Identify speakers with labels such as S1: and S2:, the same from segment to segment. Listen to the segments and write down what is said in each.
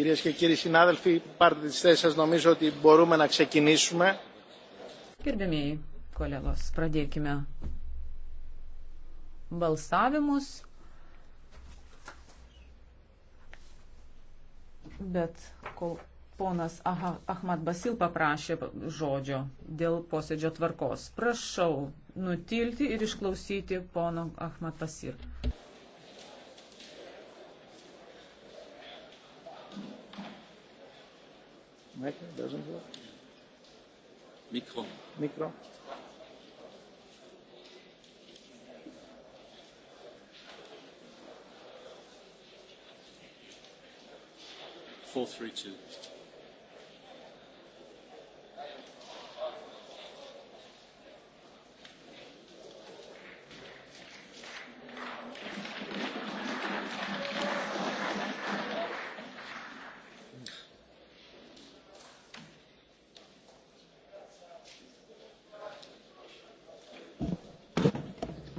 S1: Κυρίες και κύριοι συνάδελφοι, πάρτε τις θέσεις σας. Νομίζω ότι μπορούμε να ξεκινήσουμε. Gerbėmiai kolegos, pradėkime balsavimus. Bet kol ponas Aha, Ahmad Basil paprašė žodžio dėl posėdžio tvarkos, prašau nutilti ir išklausyti pono Ahmad Basir. Micro doesn't work. Micro. Micro.
S2: Four, three, two.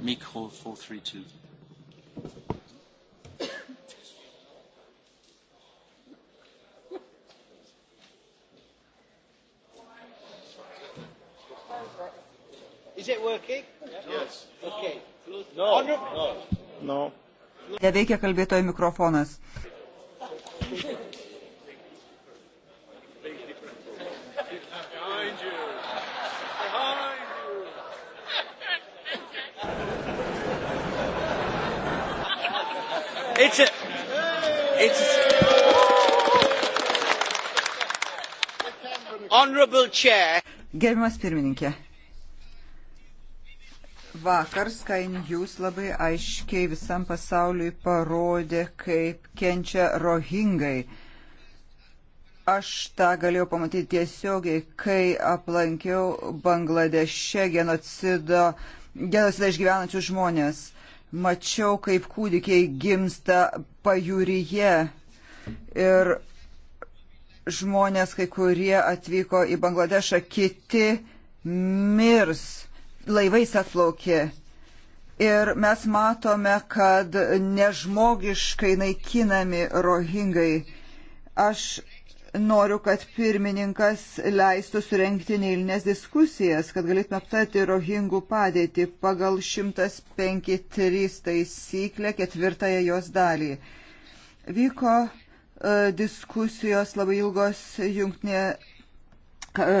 S2: Micro 432.
S1: Is it working? Yes. Okay.
S2: No. No. No. Neveikia kalbėtojo mikrofonas. Behind you. it's a, it's honorable chair. Gerbiamas pirmininkė, vakar Sky News labai aiškiai visam pasauliui parodė, kaip kenčia rohingai. Aš tą galėjau pamatyti tiesiogiai, kai aplankiau Bangladeše genocido, genocidą išgyvenančius žmonės. Uh, Mačiau, kaip kūdikiai gimsta pajūryje ir žmonės, kai kurie atvyko į Bangladešą, kiti mirs, laivais atplaukė. Ir mes matome, kad nežmogiškai naikinami rohingai. Aš noriu, kad pirmininkas leistų surenkti neįlinės diskusijas, kad galėtume aptarti rohingų padėtį pagal 153 taisyklę ketvirtąją jos dalį. Vyko e, diskusijos labai ilgos jungtinė E,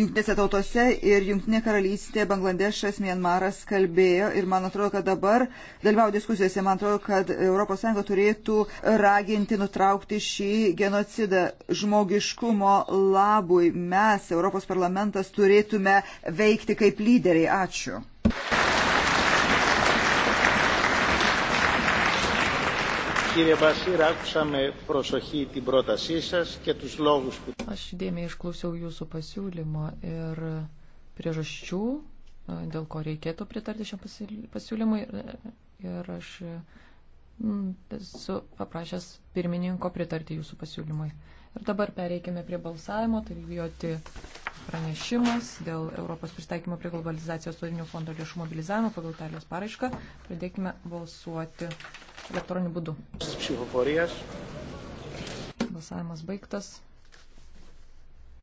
S2: Junktinėse tautose ir Junktinė karalystė, Bangladešas, Mienmaras kalbėjo ir man atrodo, kad dabar dalyvau diskusijose, man atrodo, kad ES turėtų raginti nutraukti šį genocidą žmogiškumo labui. Mes, Europos parlamentas, turėtume veikti kaip lyderiai. Ačiū.
S1: Κύριε Μπασίρ, άκουσα με προσοχή την πρότασή σας και τους λόγους που... Aš įdėmiai išklausiau jūsų pasiūlymo ir priežasčių, e, dėl ko reikėtų pritarti šiam pasiūlymui. Ir aš esu paprašęs pirmininko pritarti jūsų pasiūlymui. Ir dabar pereikime prie balsavimo, tai vijoti pranešimas dėl Europos pristaikymo prie globalizacijos turinių fondo lėšų mobilizavimo pagal Italijos paraišką. Pradėkime balsuoti elektroniniu būdu. Balsavimas baigtas.